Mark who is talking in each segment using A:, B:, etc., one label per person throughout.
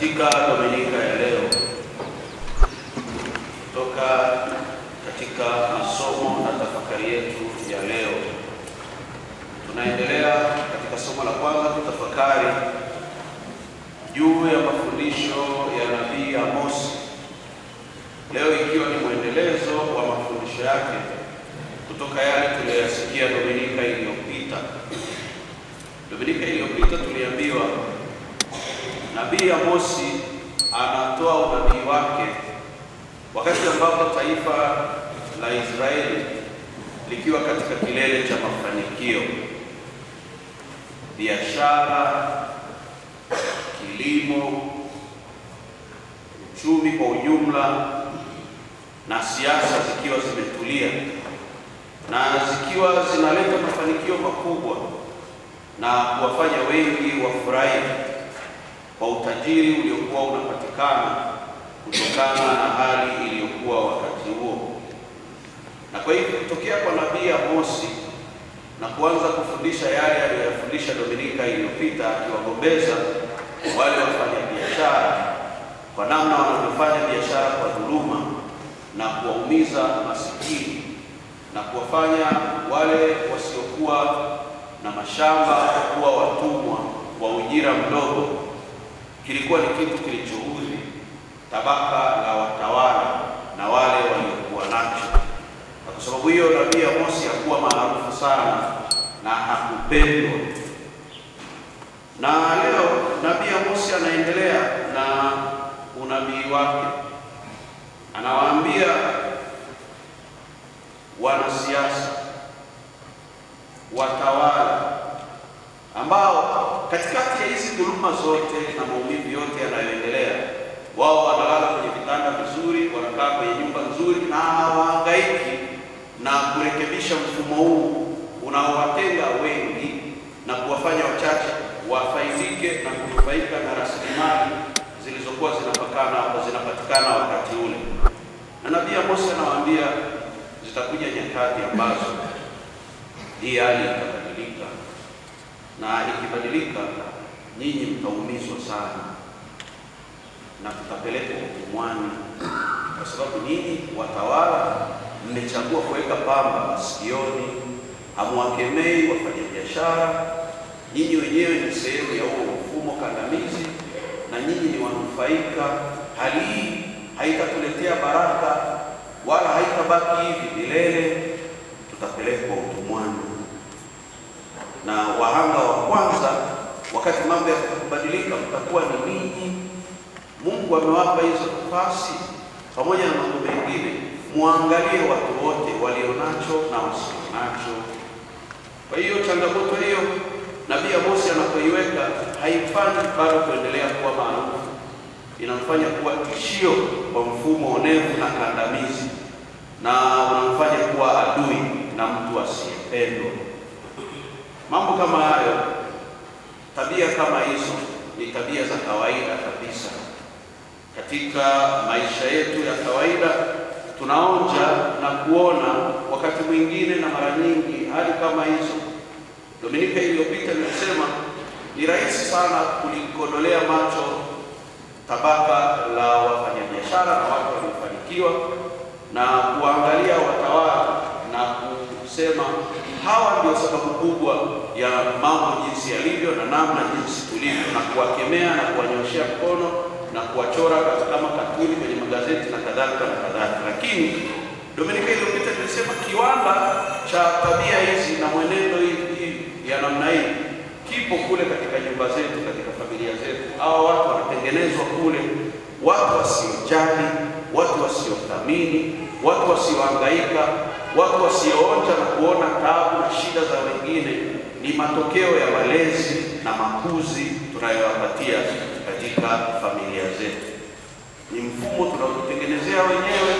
A: Katika dominika ya leo kutoka katika masomo na tafakari yetu ya leo, tunaendelea katika somo la kwanza kutafakari juu ya mafundisho ya nabii Amosi, leo ikiwa ni mwendelezo wa mafundisho yake kutoka yale tuliyoyasikia dominika iliyopita. Dominika iliyopita tuliambiwa Nabii Amosi anatoa unabii wake wakati ambapo taifa la Israeli likiwa katika kilele cha mafanikio, biashara, kilimo, uchumi kwa ujumla, na siasa zikiwa zimetulia na zikiwa zinaleta mafanikio makubwa na kuwafanya wengi wafurahi kwa utajiri uliokuwa unapatikana kutokana na hali iliyokuwa wakati huo. Na kwa hivyo kutokea kwa nabii Amosi na kuanza kufundisha yale aliyoyafundisha Dominika iliyopita, akiwagombeza wale wafanya biashara kwa namna wanavyofanya biashara kwa dhuluma na kuwaumiza masikini na kuwafanya wale wasiokuwa na mashamba kuwa watumwa wa ujira mdogo kilikuwa ni kitu kilichouzi tabaka la watawala na wale waliokuwa nacho, na kwa sababu hiyo nabii Amosi hakuwa maarufu sana na hakupendwa. Na leo nabii Amosi anaendelea na unabii wake, anawaambia wanasiasa, watawala ambao katikati ya hizi dhuluma zote Amosi anawaambia zitakuja nyakati ambazo hii hali itabadilika, na ikibadilika, nyinyi mtaumizwa sana na tutapeleka utumwani, kwa sababu nyinyi watawala mmechagua kuweka pamba masikioni, hamwakemei biashara Nyinyi wenyewe ni sehemu ya huo mfumo kandamizi, na nyinyi ni wanufaika. Hali hii haitatuletea baraka wala haitabaki hivi milele, tutapelekwa utumwani. Na wahanga wa kwanza, wakati mambo yakubadilika, mtakuwa ni ninyi. Mungu amewapa hizo nafasi, pamoja na mambo mengine, muangalie watu wote walionacho na nacho Kwa hiyo changamoto hiyo nabii Amosi anapoiweka haifanyi bado kuendelea kuwa maarufu inamfanya kuwa tishio kwa mfumo onevu na kandamizi, na unamfanya kuwa adui na mtu asiyependwa. Mambo kama hayo, tabia kama hizo ni tabia za kawaida kabisa katika maisha yetu ya kawaida. Tunaonja na kuona wakati mwingine na mara nyingi hali kama hizo. Dominika iliyopita nilisema ni rahisi sana kulikodolea macho tabaka la wafanyabiashara na watu waliofanikiwa na kuangalia watawala na kusema hawa ndio sababu kubwa ya mambo jinsi yalivyo na namna jinsi tulivyo, na kuwakemea na kuwanyoshea mkono na kuwachora katika makatuni kwenye magazeti na kadhalika na kadhalika. Lakini Dominika iliyopita tulisema kiwanda cha tabia hizi na mwenendo hii ya namna hii kipo kule katika nyumba zetu, katika familia zetu. Hawa watu wanatengenezwa kule, watu wasiojali, watu wasiothamini, watu wasioangaika watu wasioonja na kuona taabu na shida za wengine, ni matokeo ya malezi na makuzi tunayowapatia katika familia zetu. Ni mfumo tunaotengenezea wenyewe,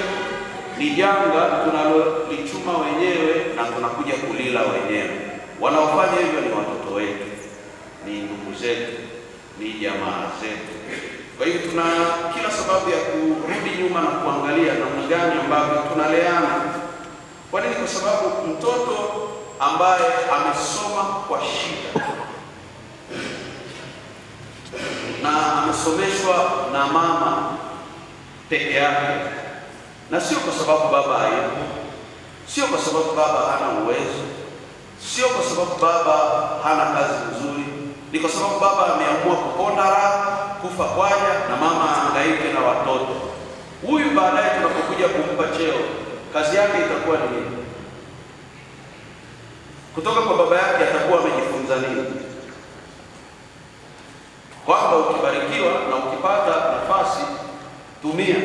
A: ni janga tunalolichuma wenyewe na tunakuja kulila wenyewe. Wanaofanya hivyo ni watoto wetu ni ndugu zetu, ni jamaa zetu. Kwa hiyo tuna kila sababu ya kurudi nyuma na kuangalia namna gani ambavyo tunaleana. Kwa nini? Kwa sababu mtoto ambaye amesoma kwa shida na amesomeshwa na mama peke yake, na sio kwa sababu baba hayupo, sio kwa sababu baba hana uwezo, sio kwa sababu baba hana kazi nzuri ni kwa sababu baba ameamua kuponda raha, kufa kwaja na mama angaike na watoto. Huyu baadaye tunapokuja kumpa cheo, kazi yake itakuwa ni nini? Kutoka kwa baba yake atakuwa amejifunza nini? Kwamba ukibarikiwa na ukipata nafasi, tumia,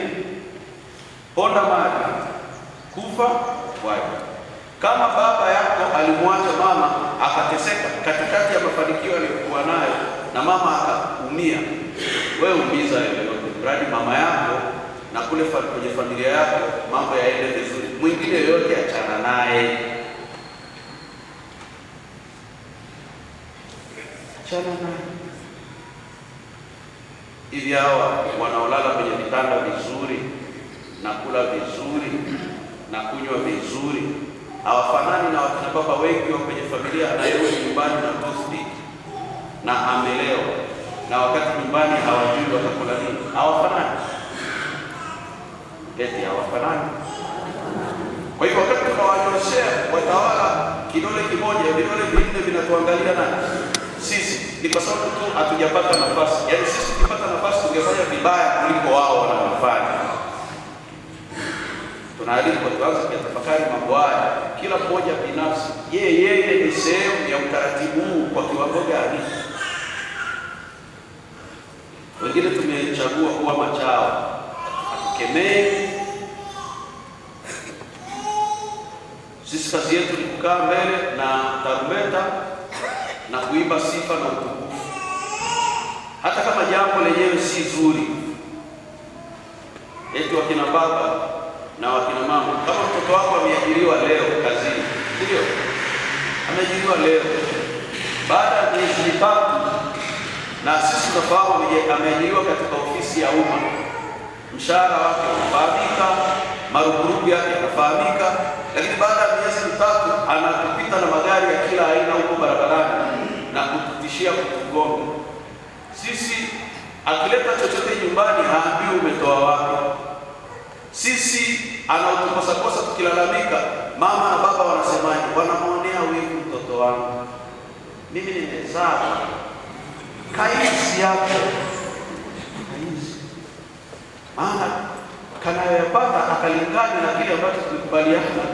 A: ponda maji, kufa kwaja kama baba yako alimwacha mama akateseka katikati ya mafanikio aliyokuwa nayo na mama akaumia, wewe umiza mradi mama yako na kule kwenye familia yako mambo yaende vizuri. Mwingine yoyote achana naye, achana naye. Hivi hawa wanaolala kwenye vitanda vizuri na kula vizuri na kunywa vizuri hawafanani na wakina baba wengi wa kwenye familia anayerudi nyumbani na posti na amelewa, na wakati nyumbani hawajui watakula nini. Hawafanani eti, hawafanani. Kwa hivyo wakati tunawanyoshea watawala kidole kimoja, vidole vinne vinatuangalia nani? Sisi. Ni kwa sababu tu hatujapata nafasi, yaani sisi tukipata nafasi tungefanya vibaya kuliko wao wanaofanya tunaalikwa cha tafakari mambo haya, kila mmoja binafsi. Je, yeye ni sehemu ya utaratibu huu kwa kiwango gani? Wengine tumechagua kuwa machawa, hatukemei. Sisi kazi yetu ni kukaa mbele na tarumbeta na kuimba sifa na utukufu, hata kama jambo lenyewe si zuri. Eti wakina baba na wakina mama, kama mtoto wako ameajiriwa leo kazini, ndio ameajiriwa leo baada ya miezi mitatu, na sisi tunafahamu ameajiriwa katika ofisi ya umma, mshahara wake unafahamika, marupurupu yake yanafahamika, lakini baada ya miezi mitatu anakupita na magari ya kila aina huko barabarani na kututishia kutugonga. Sisi akileta chochote nyumbani haambiwi umetoa wapi sisi anaotukosakosa tukilalamika, mama na baba wanasemaje? Wanamwonea wivu mtoto wangu, mimi nimezaa kaisi yake kaisi, maana kanayoyapata akalingana na kile ambacho tulikubaliana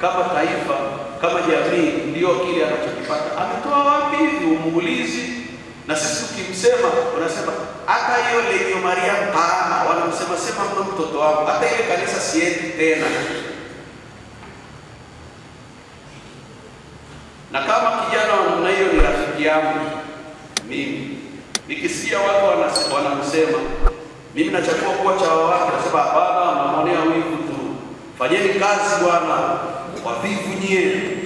A: kama taifa, kama jamii, ndiyo kile anachokipata. Ametoa wapi Umuulizi na sisi ukimsema unasema hata hiyo lenyo Maria mpana, wanamsema sema mno mtoto wangu, hata ile kanisa siendi tena. Na kama kijana wa namna hiyo ni rafiki yangu mimi, nikisikia watu wanamsema mimi, nachagua kuwa cha wawake, nasema hapana, mnaonea wivu tu, fanyeni kazi bwana, wavivu nyie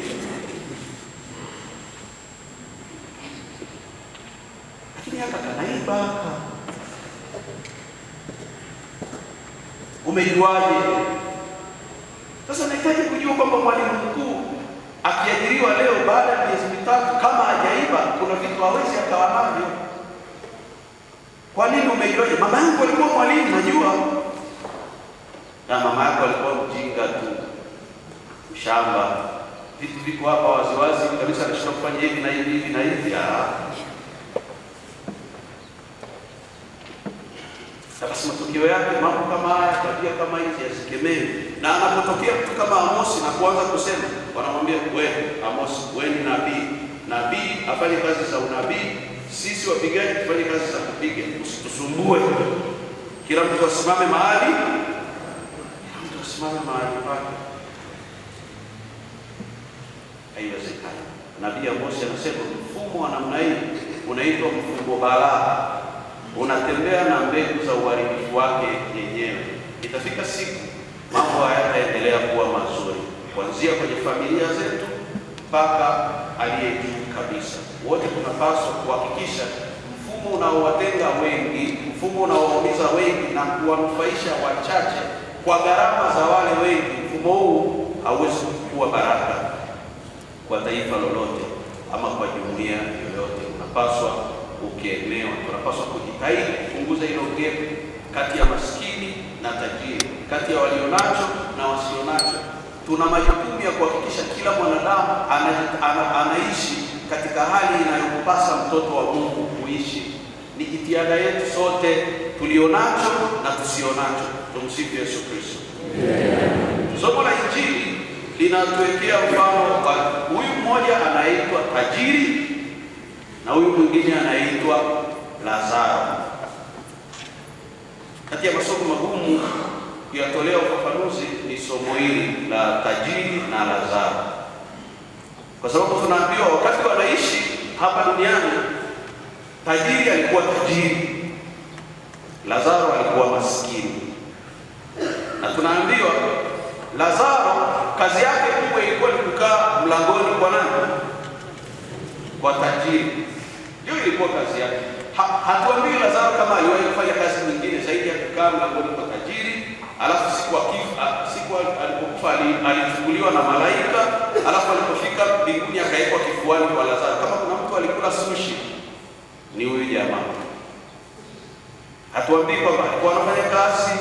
A: Ibaka, umejuaje? Sasa nahitaji kujua kwamba mwalimu mkuu akiajiriwa leo baada ya miezi mitatu, kama hajaiba, kuna vitu hawezi akawa navyo. Kwa nini umejuaje? Mama yangu alikuwa mwalimu, najua. Na mama yako alikuwa mjinga tu, mshamba. Vitu viko hapa waziwazi kabisa, anashindwa kufanya hivi na hivi na hivi. Ah. Na basi yake mambo kama haya, tabia kama hizi yazikemewe. Na anapotokea mtu kama Amosi na kuanza kusema, wanamwambia wewe Amosi, wewe ni nabii, nabii afanye kazi za unabii, sisi wapigaji tufanye kazi za kupiga, usitusumbue. Kila mtu asimame mahali, kila mtu asimame mahali pake. Haiwezekani. Nabii Amosi anasema mfumo wa namna hii unaitwa mfumo balaa unatembea na mbegu za uharibifu wake yenyewe. Itafika siku mambo hayataendelea kuwa mazuri, kuanzia kwenye familia zetu mpaka aliye juu kabisa. Wote tunapaswa kuhakikisha mfumo unaowatenga wengi, mfumo unaowaumiza wengi na kuwanufaisha wachache kwa gharama za wale wengi, mfumo huu hauwezi kuwa baraka kwa taifa lolote ama kwa jumuiya yoyote. Unapaswa ukienewa tunapaswa tujitahidi kupunguza ile upengo kati ya maskini na tajiri, kati ya walionacho na wasionacho. Tuna majukumu ya kuhakikisha kila mwanadamu ana, ana, anaishi katika hali inayompasa mtoto wa Mungu kuishi. Ni jitihada yetu sote tulionacho na tusionacho. Tumsifu Yesu Kristo. Somo la Injili linatuwekea mfano wa huyu mmoja anaitwa tajiri na huyu mwingine anaitwa Lazaro. Kati ya masomo magumu kuyatolea ufafanuzi ni somo hili la tajiri na Lazaro, kwa sababu tunaambiwa wakati wanaishi hapa duniani, tajiri alikuwa tajiri, Lazaro alikuwa maskini, na tunaambiwa Lazaro kazi yake kubwa ilikuwa ni kukaa mlangoni kwa nani? Kwa tajiri, Hiyo ilikuwa kazi yake hatuambii Lazaro kama aliwahi kufanya kazi nyingine zaidi ya kukaa mlangoni kwa tajiri, alafu siku siku alipokufa alichukuliwa na malaika, alafu alipofika mbinguni akawekwa kifuani kwa Lazaro. Kama kuna mtu alikula sushi ni huyu jamaa. Hatuambii kwamba alikuwa anafanya kazi.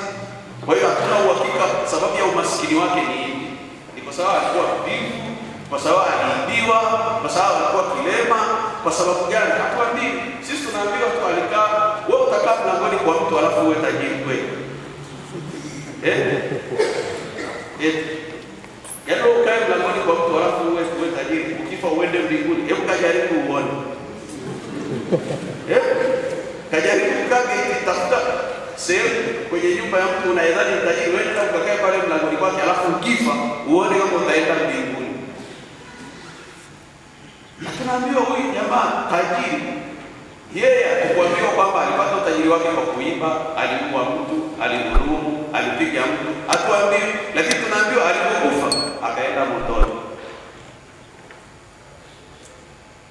A: Kwa hiyo hatuna uhakika sababu ya umaskini wake ni ipi. Ni kwa sababu alikuwa vivu kwa sababu aliibiwa, kwa sababu alikuwa kilema. Kwa sababu gani? Hatuambii sisi, tunaambiwa tu alikaa. Wewe utakaa mlangoni kwa mtu alafu uwe tajiri kweli? Eh, eh, yaani ukae mlangoni kwa mtu alafu uwe uwe tajiri, ukifa uende mbinguni? Hebu kajaribu uone, eh, kajaribu kaje, tafuta sehemu kwenye nyumba ya mtu unaedhani tajiri, wenda ukakae pale mlangoni kwake alafu ukifa uone kama utaenda mbinguni tunaambiwa huyu jamaa tajiri, yeye yeah, tukuambiwa kwamba alipata utajiri wake kwa kuimba, alimua mtu, alimdhulumu, alipiga mtu, hatuambiwi. Lakini tunaambiwa alipokufa akaenda motoni.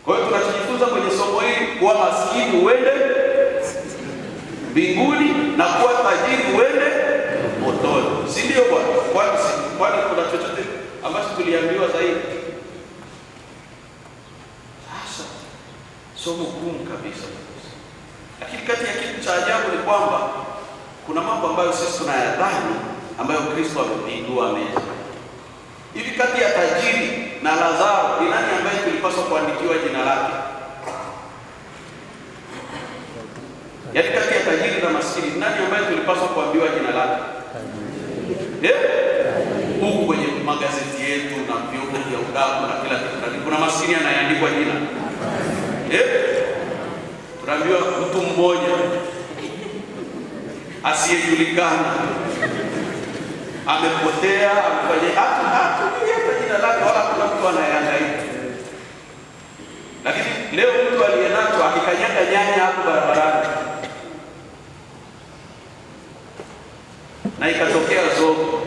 A: Kwa hiyo tunachojifunza kwenye somo hili, kuwa maskini uende mbinguni na kuwa tajiri uende motoni, si ndio bwana? Kwani Kwani kuna chochote ambacho tuliambiwa zaidi somo gumu kabisa. Lakini kati ya kitu cha ajabu ni kwamba kuna mambo ambayo sisi tunayadhani ambayo Kristo amepindua meza. Hivi kati ya tajiri na Lazaro ni nani ambaye tulipaswa kuandikiwa jina lake? Yaani kati ya tajiri na maskini ni nani ambaye tulipaswa kuambiwa jina lake? Eh? Huko kwenye magazeti yetu na vyombo vya udaku na kila kitu. Kuna maskini anayeandikwa jina eh? Tunaambiwa mtu mmoja asiyejulikana amepotea, amefanya hatu hatu hata jina lake wala kuna mtu anayehangaika, lakini leo mtu aliyenacho akikanyaga nyanya hapo barabarani na ikatokea soko,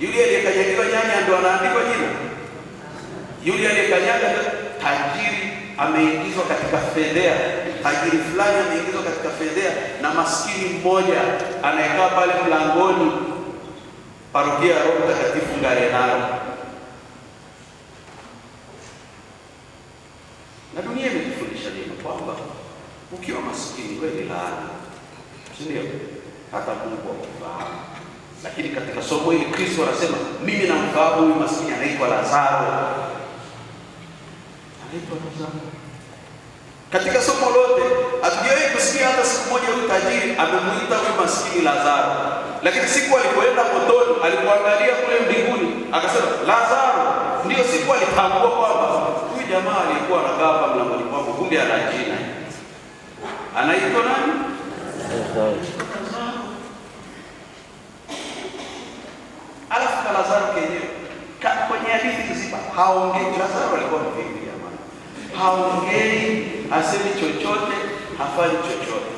A: yule aliyekanyagiwa nyanya ndo anaandikwa jina, yule aliyekanyaga tajiri ameingizwa katika fedhea, tajiri fulani ameingizwa katika fedhea, na maskini mmoja anayekaa pale mlangoni parokia ya Roho Mtakatifu Ngarenaro, na dunia imetufundisha neno kwamba ukiwa maskini wewe ni laana, si ndio? Hata Mungu akufahamu. Lakini katika somo hili Kristo anasema mimi namfahamu huyu maskini anaitwa Lazaro katika somo lote hatujawahi kusikia hata siku moja huyu tajiri amemuita huyu maskini Lazaro, lakini siku alipoenda motoni alipoangalia kule mbinguni akasema, Lazaro. Ndiyo siku alitambua kwamba huyu jamaa alikuwa anagapa hapa mlangoni kwangu, kumbe ana jina, anaitwa nani? Alafu Lazaro kenyewe kwenye hadithi nzima haongei. Lazaro alikuwa mvivu haongei, hasemi chochote, hafanyi chochote.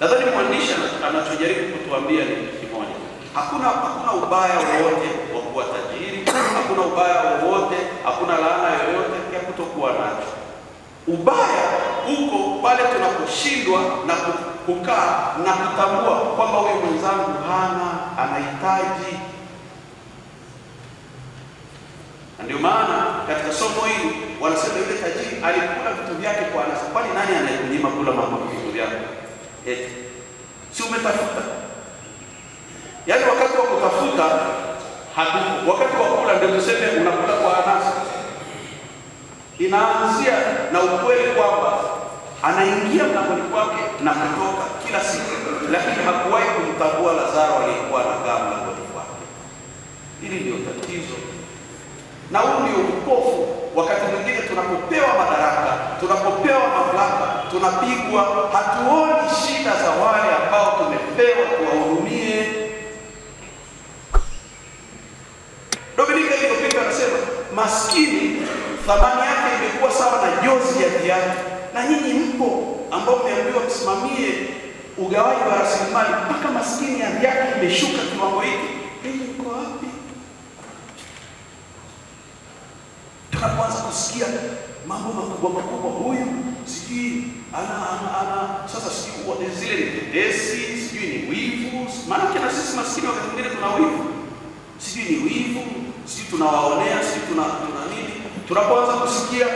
A: Nadhani mwandishi anachojaribu kutuambia ni kimoja, hakuna hakuna ubaya wowote wa kuwa tajiri, hakuna ubaya wowote, hakuna laana yoyote ya kutokuwa nacho. Ubaya uko pale tunaposhindwa na kukaa na kutambua kwamba huyo mwenzangu hana, anahitaji ndio maana katika somo hili wanasema yule tajiri alikula vitu vyake kwa anasa. Kwani nani anayekunyima kula mambo vitu vyako? Eti eh, si umetafuta? Yaani wakati wa kutafuta hatupo, wakati wa kula ndio tuseme unakula kwa anasa. Inaanzia na ukweli kwamba anaingia mlangoni kwake na kutoka kila siku, lakini hakuwahi kumtambua Lazaro aliyekuwa anakaa mlangoni kwake. Hili ndio tatizo na huu ndio ukofu. Wakati mwingine tunapopewa madaraka, tunapopewa mamlaka, tunapigwa, hatuoni shida za wale ambao tumepewa tuwahurumie. Dominika iliyopita anasema maskini thamani yake imekuwa sawa na jozi ya viatu. Na nyinyi mpo ambao mmeambiwa msimamie ugawaji wa rasilimali mpaka maskini ya viatu imeshuka kiwango hiki. ili iko wapi? kwanza kusikia mambo makubwa makubwa, huyu sijui ana, ana, ana sasa sijui zile ni tetesi, sijui ni wivu. Maanake na sisi maskini wakati mwingine tuna wivu, sijui ni wivu, sijui tunawaonea, sijui tuna, tuna nini. Tunapoanza kusikia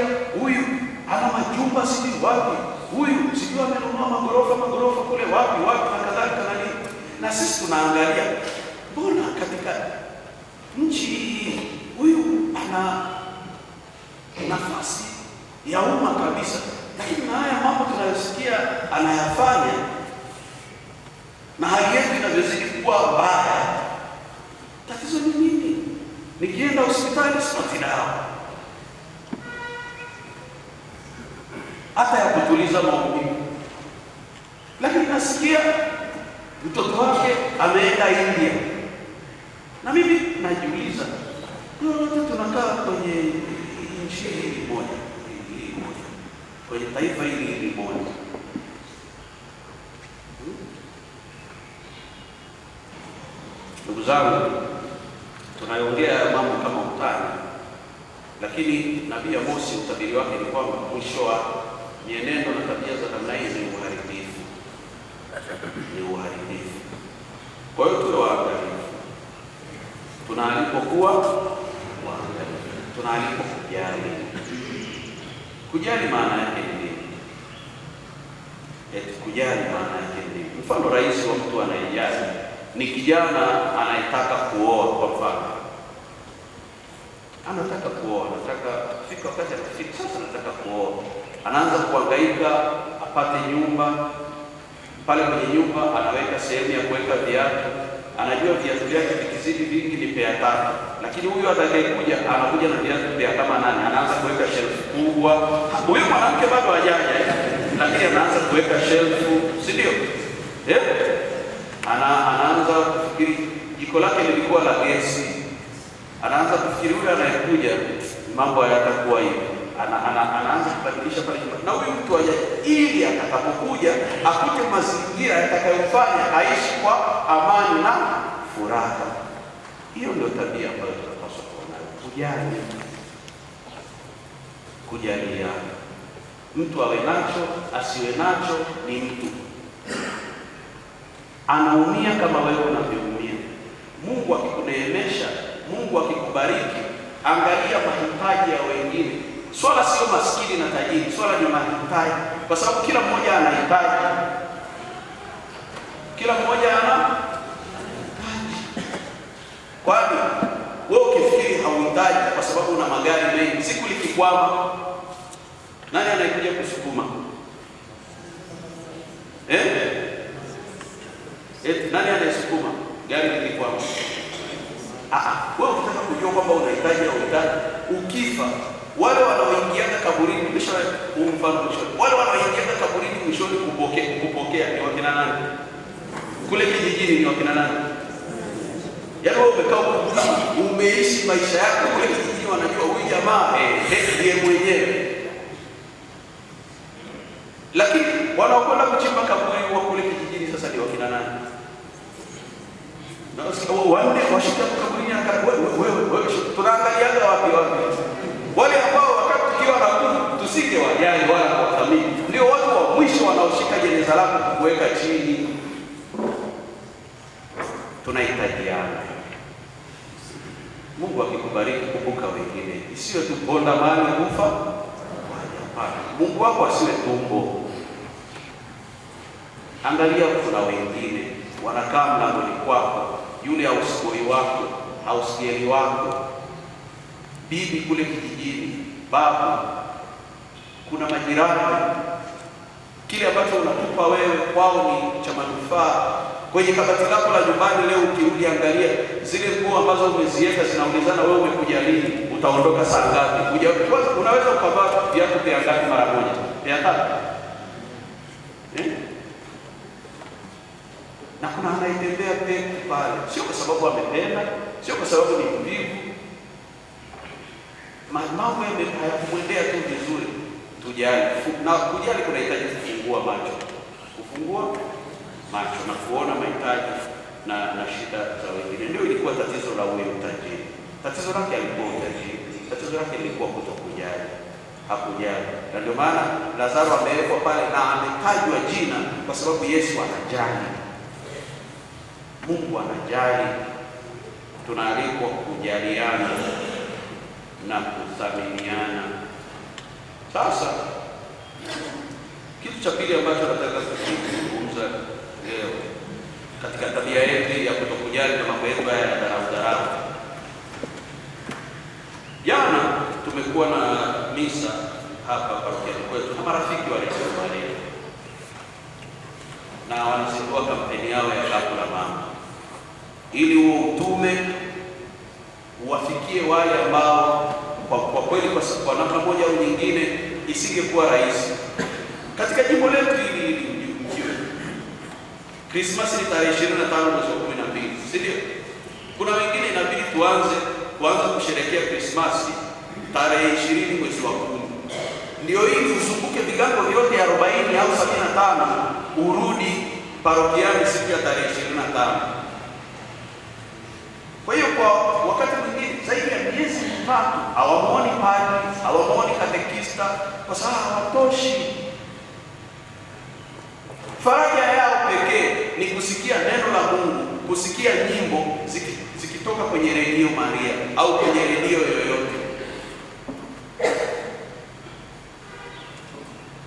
A: huyu ana majumba sijui wapi, huyu sijui amenunua magorofa magorofa kule wapi wapi na kadhalika na nini, na sisi tunaangalia, mbona katika nchi huyu ana nafasi ya umma kabisa, lakini haya mambo tunayosikia anayafanya Kujali maana yake ni nini? Eti eh, kujali maana yake ni nini? Mfano rais wa mtu anayejali ni kijana anayetaka kuoa, kwa mfano anataka kuoa, anataka fika wakati atafika sasa, anataka kuoa, anaanza kuangaika apate nyumba. Pale kwenye nyumba anaweka sehemu ya kuweka viatu anajua viatu vyake vikizidi vingi ni pea tatu, lakini huyu atakayekuja anakuja na viatu pea kama nane, anaanza kuweka shelfu kubwa. Huyu mwanamke bado hajaja, eh? lakini anaanza kuweka shelfu, si ndio? Eh, ana anaanza kufikiri jiko lake lilikuwa la gesi, anaanza kufikiri huyu anayekuja mambo hayatakuwa hivi anaanza kubadilisha pale nyumbani, na huyu mtu aje ili atakapokuja akute mazingira yatakayofanya aishi kwa amani na furaha. Hiyo ndio tabia ambayo tunapaswa kuwa nayo, kujali, kujalia Mtu awe nacho asiwe nacho, ni mtu anaumia kama wewe unavyoumia. Mungu akikuneemesha, Mungu akikubariki, angalia mahitaji ya wengine. Swala sio maskini na tajiri, swala ni mahitaji, kwa sababu kila mmoja anahitaji, kila mmoja ana kwani wewe ukifikiri hauhitaji kwa sababu una magari mengi, siku likikwama, nani anaikuja kusukuma eh? Eh, nani anayesukuma gari likikwama? Ah, ah. wewe ukitaka kujua kwamba unahitaji au hauhitaji, ukifa wale wanaoingiaga kaburini mwisho, huu mwisho, wale wanaoingiaga kaburini mwishoni kupokea kupokea ni wakina nani? Kule kijijini ni wakina nani? Yaani wewe umekaa kwa umeishi maisha yako kule kijijini, wanajua huyu jamaa eh, eh, ndiye mwenyewe, lakini wanaokwenda kuchimba kaburi wa kule kijijini sasa ni wakina nani? Wanne washika kaburini, tunaangaliaga wapi wapi wale ambao wakati tukiwa na nguvu tusije wajali wala kuwathamini, ndio watu wa mwisho wanaoshika jeneza lako kuweka chini. Tunahitajiana. Mungu akikubariki, kumbuka wengine, isiwe tu bonda mali kufa Mungu wako asiwe tumbo. Angalia, kuna wengine wanakaa mlangoni kwako, yule auskuli wako ausieli wako bibi kule kijijini, babu, kuna majirani. Kile ambacho unatupa wewe kwao ni cha manufaa. Kwenye kabati lako la nyumbani leo ukirudi, angalia zile nguo ambazo umeziweka zinaulizana, wewe umekuja lini, utaondoka saa ngapi? Unaweza ukavaa viatu vya ngapi mara moja, vya ngapi eh? na kuna anaitembea peku pale, sio kwa sababu amependa, sio kwa sababu ni mvivu mambo hayakumwendea tu vizuri, tujali na kujali kunahitaji kufungua macho, kufungua macho na kuona mahitaji na na shida za wengine. Ndio ilikuwa tatizo la huyo tajiri. Tatizo lake alikuwa utajiri, tatizo lake lilikuwa kutokujali, hakujali. Na ndio maana Lazaro amewekwa pale na ametajwa jina, kwa sababu Yesu anajali, Mungu anajali. Tunaalikwa kujaliana na kuthaminiana. Sasa kitu cha pili ambacho nataka kuzungumza leo katika tabia yetu ya kutokujali na mambo yetu haya ya dharau dharau, jana tumekuwa na misa hapa parokiani kwetu na marafiki waliohudhuria na wanazindua kampeni yao ya Kapu la Mama ili huo utume uwafikie wale ambao kwa, kwa kweli kwa, kwa namna moja au nyingine isingekuwa rahisi. Katika jimbo letu hili hili mjiwe, Krismasi ni tarehe 25 mwezi wa 12, si ndio? Kuna wengine inabidi tuanze kuanza kusherehekea Krismasi tarehe 20 mwezi wa 10, ndio hili usumbuke vigango vyote 40 au 75 urudi parokiani siku ya tarehe 25. Kwa hiyo kwa wakati tatu, hawamuoni padri, hawamuoni katekista kwa sababu hawatoshi. Faraja yao pekee ni kusikia neno la Mungu, kusikia nyimbo zikitoka kwenye redio Maria au kwenye redio yoyote.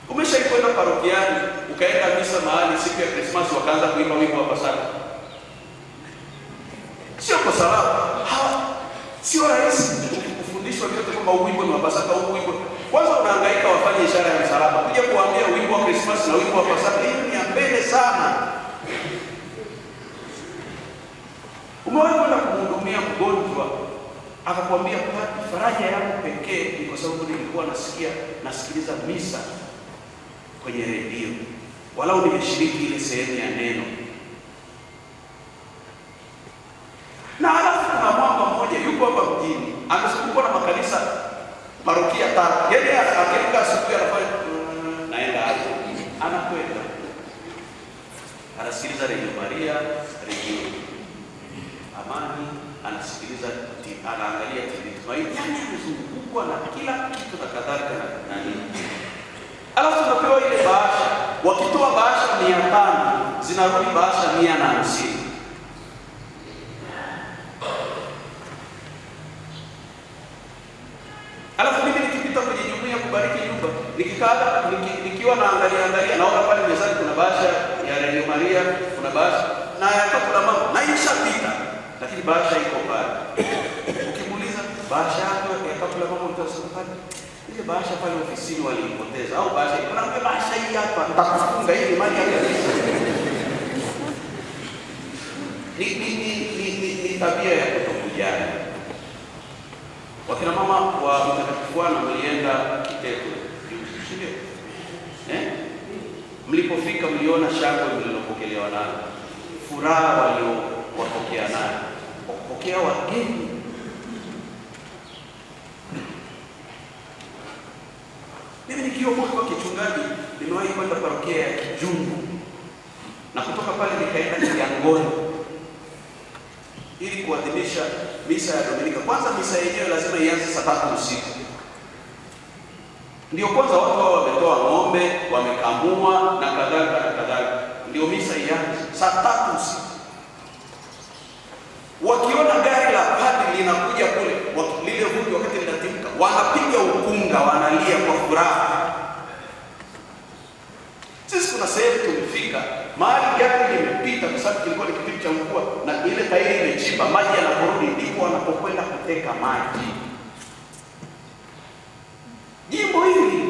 A: Umeshaikwenda parokiani ukaenda misa mahali siku ya Krismasi wakaanza kuimba wimbo wa Pasaka? Sio kwa sababu sio rahisi Fundishwa vyote kwamba uwimbo ni wa Pasaka, huu uwimbo kwanza unahangaika wafanye ishara ya msalaba, kuja kuambia uwimbo wa Krismasi na uwimbo wa Pasaka, hii ni ya mbele sana. Umewahi kwenda kumhudumia mgonjwa akakwambia faraja yangu pekee ni kwa sababu nilikuwa nasikia nasikiliza misa kwenye redio, walau nimeshiriki ile sehemu ya neno bahasha yako ya eh, kabla mambo mtasipata ile bahasha pale ofisini walipoteza, au bahasha kuna mpe bahasha hii hapa, nitakufunga hii mali ya ni ni ni ni ni, ni tabia ya kutokujali. Wakina mama wa mtakatifu wana mlienda Kitekwe sivyo? Eh, mlipofika mliona shangwe mlilopokelewa nayo, furaha waliowapokea nayo, kupokea wageni Mimi nikiwa kwa kichungaji nimewahi kwenda parokia ya Kijungu na kutoka pale nikaenda Kigangoni ili kuadhimisha misa ya Dominika. Kwanza misa yenyewe lazima ianze saa tatu usiku, ndio kwanza watu hao wametoa ng'ombe, wamekamua na kadhalika na kadhalika, ndio misa ianze saa tatu usiku. Wakiona gari la padri linakuja kule, lile vumbi wakati linatimka, wanapiga ukunga, wanalia kwa furaha sasa sehemu tumefika mahali gari limepita, kwa sababu kilikuwa ni kipindi cha mvua, na ile tairi imechimba maji, yanaporudi ndipo wanapokwenda kuteka maji. Jimbo hili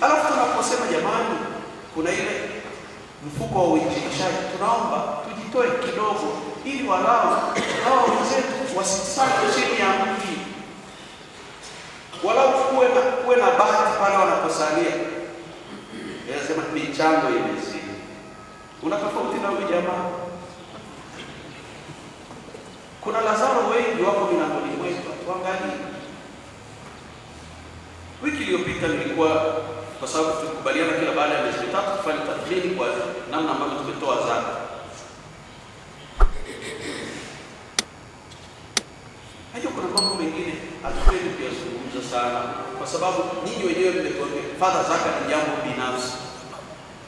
A: alafu tunaposema jamani, kuna ile mfuko wa uinjilishaji, tunaomba tujitoe kidogo, ili walau nao wenzetu wasisake chini ya mji walau kuwe na bahati pale wanaposalia Anasema michango imezidi. Una tofauti na huyu jamaa. Kuna Lazaro wengi wako milango mwetu, tuangalie. Wiki iliyopita nilikuwa kwa sababu tulikubaliana kila baada ya miezi mitatu kufanya tathmini kwa namna ambavyo tumetoa zaka. Hayo kuna mambo mengine hatupendi kuyazungumza sana, kwa sababu ninyi wenyewe mmetuambia fadha zaka ni jambo binafsi,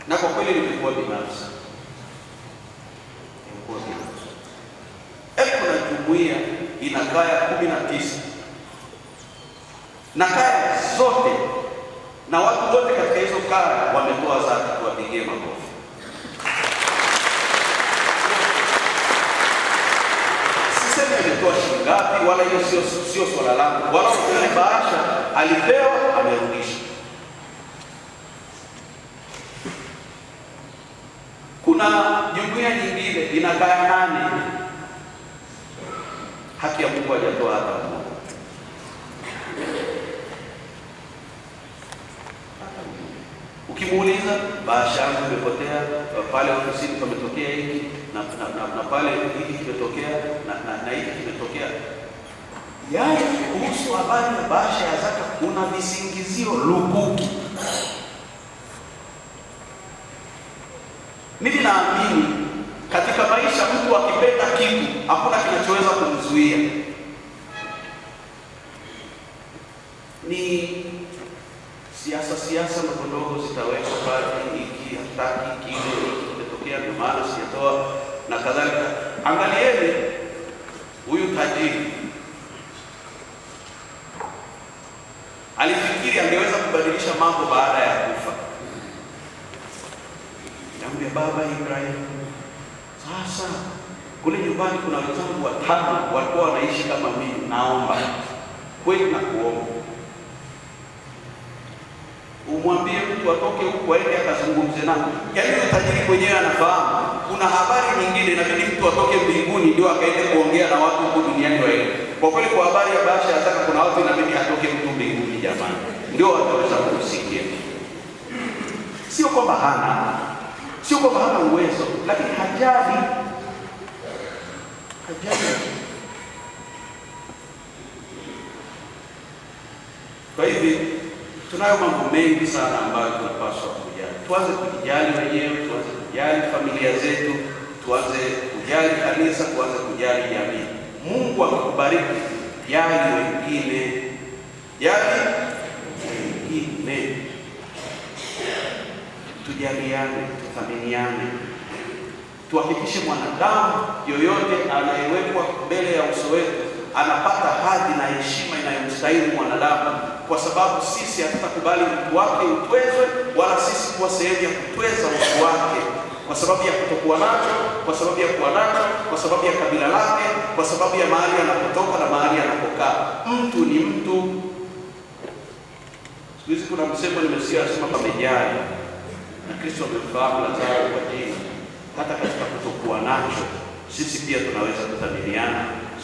A: na kwa kweli limekuwa binafsi. ina kaya kumi na tisa na kaya zote na watu wote katika hizo kaya wametoa zaka, tuwapigie makofi. Sisemi ametoa ngapi, wala hiyo sio sio swala langu. Bwana ni bahasha alipewa, amerudisha. Kuna jumuiya nyingine ina nane, haki ya Mungu hajatoa hata kuuliza bahasha yangu imepotea, pale ofisini pametokea hiki na, na, na, na pale hiki kimetokea na, na, na hiki kimetokea. Yale yaani, kuhusu habari ya bahasha ya zaka kuna visingizio lukuki. Mimi naamini katika maisha, mtu akipenda kitu hakuna kinachoweza kumzuia. Angalieni huyu tajiri alifikiri angeweza kubadilisha mambo baada ya kufa. Niambia baba Ibrahim, sasa kule nyumbani kuna wenzangu watano walikuwa wanaishi kama mimi, naomba kweli na kuomba umwambie mtu atoke huku aende akazungumze nao. Yaani tajiri mwenyewe anafahamu kuna habari nyingine inabidi mtu atoke mbinguni ndio akaende kuongea na watu huko duniani waelewe. Kwa kweli kwa habari ya bahasha ya kuna watu inabidi atoke mtu mbinguni jamani, ndio wataweza kusikia. Sio kwamba hana, sio kwamba hana uwezo, lakini hajali, hajali. Kwa hivyo tunayo mambo mengi sana ambayo tunapaswa kujali, tuanze kujijali wenyewe kujali familia zetu, tuanze kujali kanisa, tuanze kujali jamii. Mungu akubariki. Jali wengine, jali wengine, tujaliane, tuthaminiane, tuhakikishe mwanadamu yoyote anayewekwa mbele ya uso wetu anapata hadhi na heshima inayomstahili mwanadamu, kwa sababu sisi hatutakubali utu wake utwezwe, wala sisi kuwa sehemu ya kutweza utu wake, kwa sababu ya kutokuwa nacho, kwa sababu ya kuwa nacho, kwa sababu ya kabila lake, kwa sababu ya mahali anapotoka na mahali anapokaa. Mtu ni mtu. Siku hizi kuna msemo nimesikia, anasema pamejali, na Kristo amemfahamu Lazaro kwa jina. Hata katika kutokuwa nacho sisi pia tunaweza kuthaminiana.